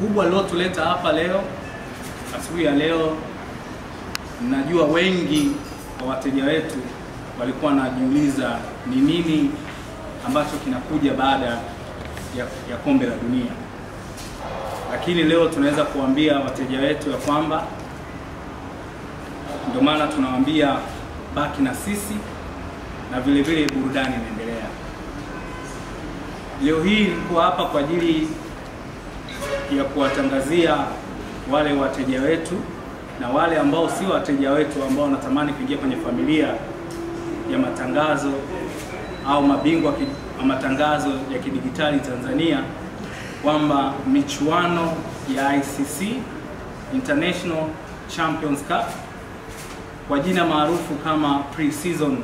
kubwa lilotuleta hapa leo asubuhi ya leo, najua wengi wa wateja wetu walikuwa wanajiuliza ni nini ambacho kinakuja baada ya, ya kombe la dunia, lakini leo tunaweza kuambia wateja wetu ya kwamba ndio maana tunawaambia baki na sisi na vile vile burudani inaendelea. Leo hii nilikuwa hapa kwa ajili ya kuwatangazia wale wateja wetu na wale ambao si wateja wetu ambao wanatamani kuingia kwenye familia ya matangazo au mabingwa wa matangazo ya kidigitali Tanzania kwamba michuano ya ICC International Champions Cup kwa jina maarufu kama pre-season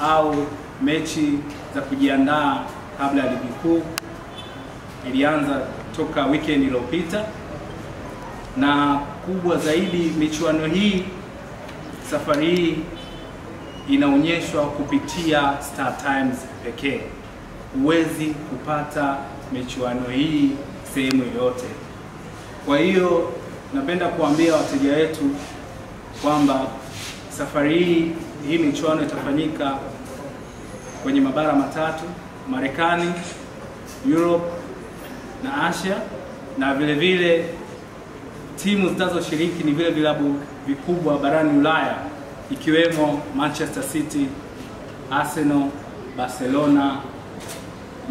au mechi za kujiandaa kabla ya ligi kuu ilianza toka weekend iliyopita, na kubwa zaidi, michuano hii safari hii inaonyeshwa kupitia Star Times pekee. Huwezi kupata michuano hii sehemu yoyote. Kwa hiyo napenda kuambia wateja wetu kwamba safari hii hii michuano itafanyika kwenye mabara matatu: Marekani, Europe na Asia na vile vile timu zinazoshiriki ni vile vilabu vikubwa barani Ulaya ikiwemo Manchester City, Arsenal, Barcelona,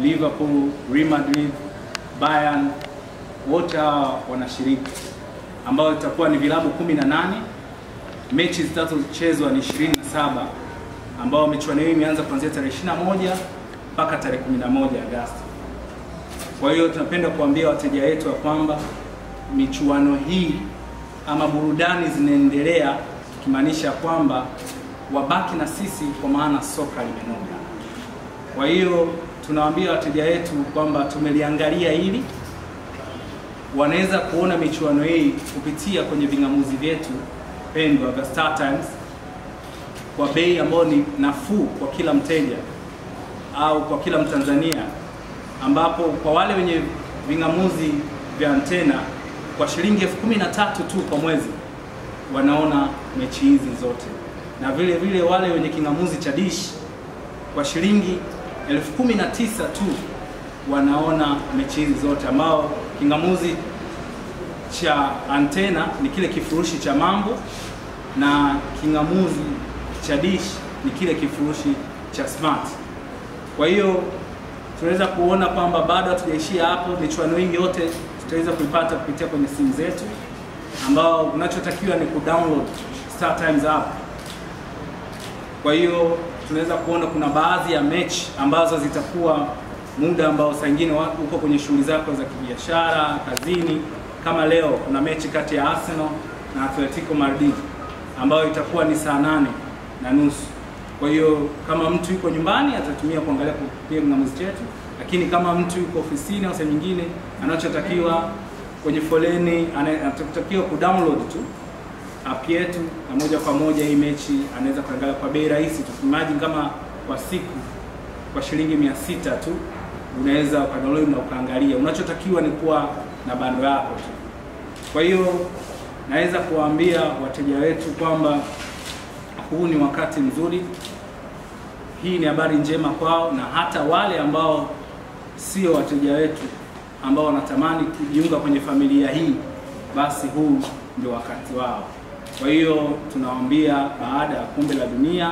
Liverpool, Real Madrid, Bayern, wote hawa wanashiriki, ambao itakuwa ni vilabu 18. Mechi zitazochezwa ni 27, ambao michuano hii imeanza kuanzia tarehe 21 mpaka tarehe 11 Agosti. Kwa hiyo tunapenda kuambia wateja wetu ya kwamba michuano hii ama burudani zinaendelea, tukimaanisha kwamba wabaki na sisi, kwa maana soka limenoga. Kwa hiyo tunawaambia wateja wetu kwamba tumeliangalia hili, wanaweza kuona michuano hii kupitia kwenye ving'amuzi vyetu pendwa vya Star Times kwa bei ambayo ni nafuu kwa kila mteja au kwa kila Mtanzania ambapo kwa wale wenye ving'amuzi vya antena kwa shilingi elfu kumi na tatu tu kwa mwezi wanaona mechi hizi zote, na vile vile wale wenye king'amuzi cha dish kwa shilingi elfu kumi na tisa tu wanaona mechi hizi zote, ambao king'amuzi cha antena ni kile kifurushi cha mambo na king'amuzi cha dish ni kile kifurushi cha smart. Kwa hiyo tunaweza kuona kwamba bado hatujaishia hapo. Michuano hii yote tutaweza kuipata kupitia kwenye simu zetu, ambao unachotakiwa ni kudownload Star Times app. Kwa hiyo tunaweza kuona kuna baadhi ya mechi ambazo zitakuwa muda ambao saa ingine uko kwenye shughuli zako za kibiashara, kazini. Kama leo kuna mechi kati ya Arsenal na Atletico Madrid ambayo itakuwa ni saa nane na nusu kwa hiyo kama mtu yuko nyumbani atatumia kuangalia kupitia king'amuzi chetu, lakini kama mtu yuko ofisini au sehemu nyingine, anachotakiwa kwenye foleni, anatakiwa kudownload tu app yetu na moja kwa moja hii mechi anaweza kuangalia kwa bei rahisi tu. Imagine kama kwa siku kwa shilingi mia sita tu unaweza ukadownload na ukaangalia. Unachotakiwa ni kuwa na bando yako tu. Kwa hiyo naweza kuwaambia wateja wetu kwamba huu ni wakati mzuri, hii ni habari njema kwao, na hata wale ambao sio wateja wetu ambao wanatamani kujiunga kwenye familia hii, basi huu ndio wakati wao. Kwa hiyo tunawaambia baada ya kombe la dunia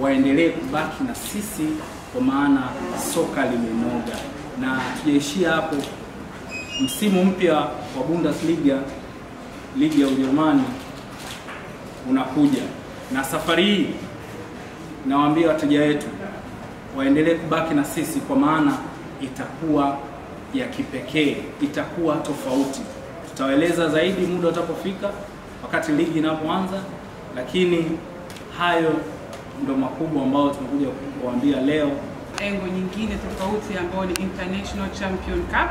waendelee kubaki na sisi, kwa maana soka limenoga na tujaishia hapo. Msimu mpya wa Bundesliga, ligi ya Ujerumani unakuja. Na safari hii nawaambia wateja wetu waendelee kubaki na sisi, kwa maana itakuwa ya kipekee, itakuwa tofauti. Tutaeleza zaidi muda utakapofika, wakati ligi inapoanza, lakini hayo ndo makubwa ambayo tumekuja kuwaambia leo. Engo nyingine tofauti ambayo ni International Champion Cup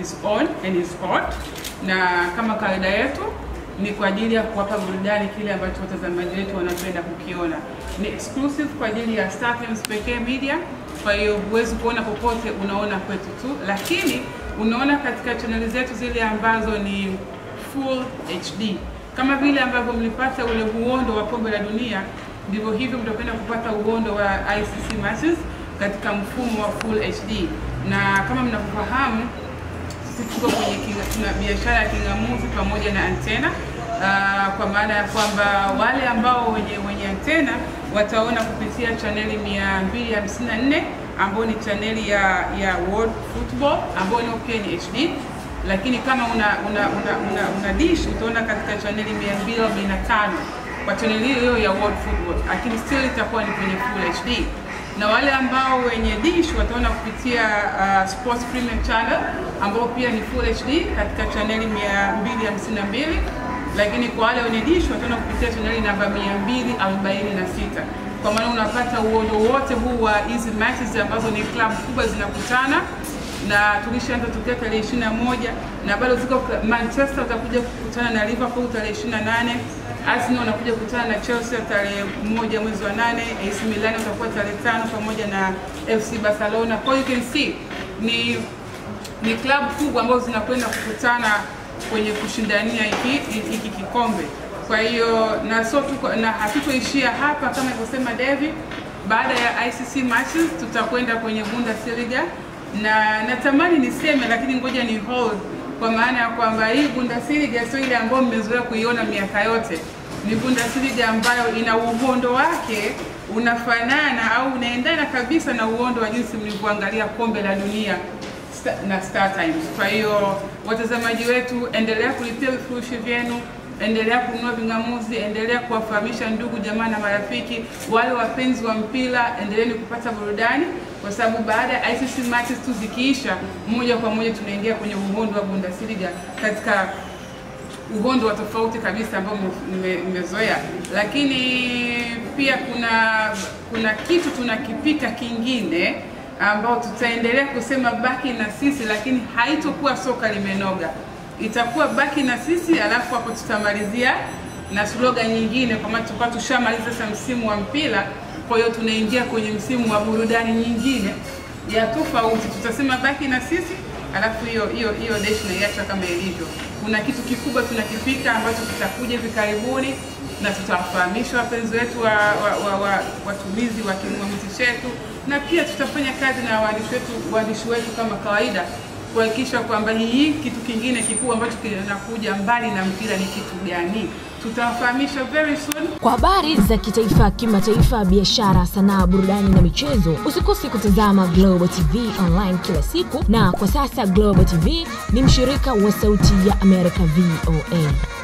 is on and is hot, na kama kawaida yetu ni kwa ajili ya kuwapa burudani kile ambacho watazamaji wetu wanapenda kukiona. Ni exclusive kwa ajili ya Films pekee media, kwa hiyo huwezi kuona popote, unaona kwetu tu, lakini unaona katika chaneli zetu zile ambazo ni full HD kama vile ambavyo mlipata ule uondo wa kombe la dunia, ndivyo hivyo mtakwenda kupata uondo wa ICC matches katika mfumo wa full HD. Na kama mnavyofahamu, sisi tuko kwenye tuna biashara ya kingamuzi pamoja na antena Ah, kwa maana ya kwamba wale ambao wenye, wenye antena wataona kupitia chaneli 254 ambayo ni chaneli ya, ya World Football ambayo ni pia ni HD, lakini kama una, una, una, una, una dish utaona katika chaneli 245 kwa chaneli hiyo ya World Football, lakini still itakuwa ni kwenye full HD na wale ambao wenye dish wataona kupitia uh, Sports Premium Channel ambao pia ni Full HD katika chaneli 252 lakini kwa wale wenye dishwa tena kupitia tunali namba 246 kwa maana unapata uono wote huu wa hizi matches ambazo ni klabu kubwa zinakutana na tulishaanza tokea tarehe 21 na bado ziko Manchester utakuja kukutana na Liverpool tarehe 28 Arsenal wanakuja kukutana na Chelsea tarehe moja mwezi wa nane AC Milan utakuwa tarehe tano pamoja na FC Barcelona kwa you can see ni ni klabu kubwa ambazo zinakwenda kukutana kwenye kushindania hiki kikombe. Kwa hiyo na so tuko, na hatutoishia hapa kama alivyosema David, baada ya ICC matches tutakwenda kwenye Bundesliga na natamani niseme, lakini ngoja ni hold kwa maana ya kwamba hii Bundesliga sio ile ambayo mmezoea kuiona miaka yote. Ni Bundesliga ambayo ina uhondo wake unafanana au unaendana kabisa na uhondo wa jinsi mlivyoangalia kombe la dunia na Star Times. Kwa hiyo watazamaji wetu, endelea kulipia vifurushi vyenu endelea kununua ving'amuzi, endelea kuwafahamisha ndugu jamaa na marafiki. Wale wapenzi wa mpira, endeleeni kupata burudani, kwa sababu baada ya ICC matches tu zikiisha, moja kwa moja tunaingia kwenye uhondo wa Bundesliga katika uhondo wa tofauti kabisa ambao nimezoea, lakini pia kuna kuna kitu tunakipika kingine ambao tutaendelea kusema baki na sisi, lakini haitokuwa soka limenoga, itakuwa baki na sisi, alafu hapo tutamalizia na sloga nyingine, kwa maana tutakuwa tushamaliza sasa msimu wa mpira. Kwa hiyo tunaingia kwenye msimu wa burudani nyingine ya tofauti, tutasema baki na sisi, alafu hiyo hiyo hiyo dash naiacha kama ilivyo. Kuna kitu kikubwa tunakifika ambacho kitakuja hivi karibuni na tutawafahamisha wapenzi wetu wa, wa, watumizi wa kimuamuzi chetu, na pia tutafanya kazi na waandishi wetu, waandishi wetu kama kawaida kuhakikisha kwamba hii kitu kingine kikubwa ambacho kinakuja mbali na mpira ni kitu gani tutawafahamisha very soon. Kwa habari za kitaifa, kimataifa, biashara, sanaa, burudani na michezo, usikose kutazama Global TV online kila siku, na kwa sasa Global TV ni mshirika wa Sauti ya Amerika, VOA.